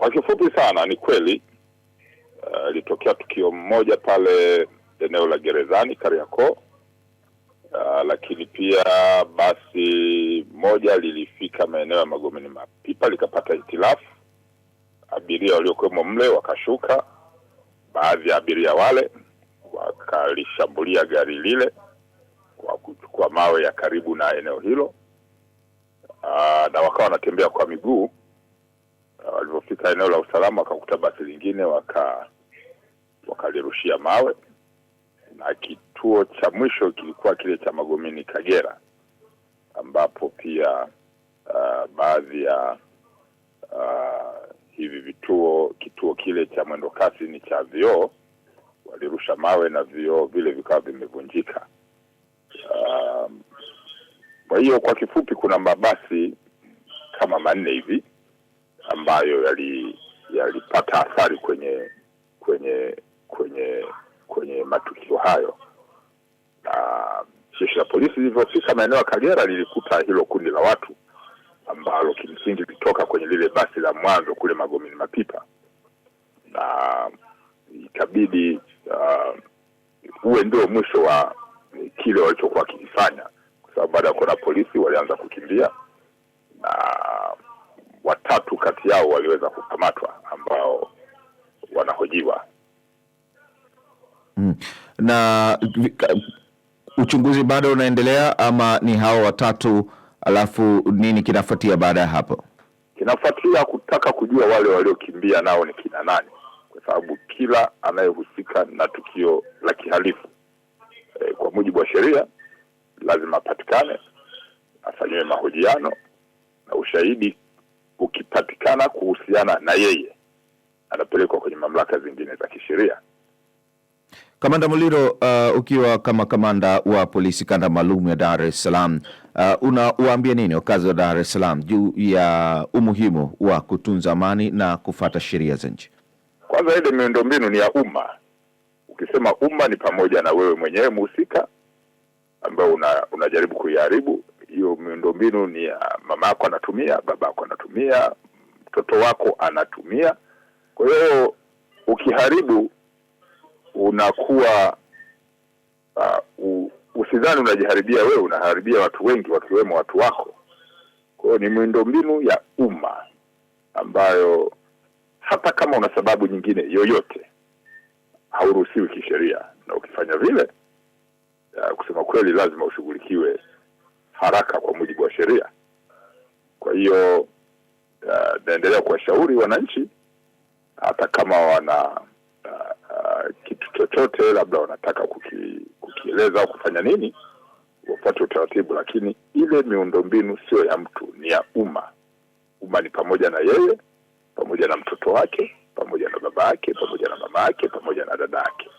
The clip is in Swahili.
Kwa kifupi sana, ni kweli uh, ilitokea uh, tukio mmoja pale eneo la gerezani kariaco Uh, lakini pia basi moja lilifika maeneo ya Magomeni Mapipa likapata hitilafu. Abiria waliokuwemo mle wakashuka, baadhi ya abiria wale wakalishambulia gari lile kwa kuchukua mawe ya karibu na eneo hilo, uh, na wakawa wanatembea kwa miguu Uh, walivyofika eneo la usalama, wakakuta basi lingine, waka wakalirushia mawe, na kituo cha mwisho kilikuwa kile cha magomini Kagera, ambapo pia uh, baadhi ya uh, hivi vituo, kituo kile cha mwendo kasi ni cha vioo, walirusha mawe na vioo vile vikawa vimevunjika. Um, kwa hiyo kwa kifupi, kuna mabasi kama manne hivi ambayo yalipata athari kwenye kwenye kwenye kwenye matukio hayo, na jeshi la polisi lilivyofika maeneo ya Kagera lilikuta hilo kundi la watu ambalo kimsingi lilitoka kwenye lile basi la mwanzo kule Magomeni Mapipa, na ikabidi huwe uh, ndio mwisho wa kile walichokuwa wakikifanya, kwa sababu baada ya kuona polisi walianza kukimbia na kati yao waliweza kukamatwa ambao wanahojiwa mm. na uchunguzi bado unaendelea ama ni hao watatu? Alafu nini kinafuatia baada ya hapo? Kinafuatia kutaka kujua wale waliokimbia nao ni kina nani, kwa sababu kila anayehusika na tukio la kihalifu e, kwa mujibu wa sheria lazima apatikane, afanyiwe mahojiano na ushahidi anapatikana kuhusiana na yeye anapelekwa kwenye mamlaka zingine za kisheria. Kamanda Muliro, uh, ukiwa kama kamanda wa polisi kanda maalum ya Dar es Salaam, uh, unawaambia nini wakazi wa Dar es Salaam juu ya umuhimu wa kutunza amani na kufata sheria za nchi? Kwanza, ile miundombinu ni ya umma. Ukisema umma ni pamoja na wewe mwenyewe mhusika ambayo una, unajaribu kuiharibu hiyo miundombinu. Ni ya mama yako anatumia, baba yako anatumia, mtoto wako anatumia. Kwa hiyo ukiharibu unakuwa uh, usidhani unajiharibia wewe, unaharibia watu wengi wakiwemo watu wako. Kwa hiyo ni miundombinu ya umma ambayo hata kama una sababu nyingine yoyote hauruhusiwi kisheria, na ukifanya vile, kusema kweli, lazima ushughulikiwe haraka kwa mujibu wa sheria. Kwa hiyo Uh, naendelea kuwashauri wananchi, hata kama wana uh, uh, kitu chochote labda wanataka kuki, kukieleza au kufanya nini, wafuate utaratibu, lakini ile miundombinu sio ya mtu, ni ya umma. Umma ni pamoja na yeye pamoja na mtoto wake pamoja na baba yake pamoja na mama yake pamoja na dada yake.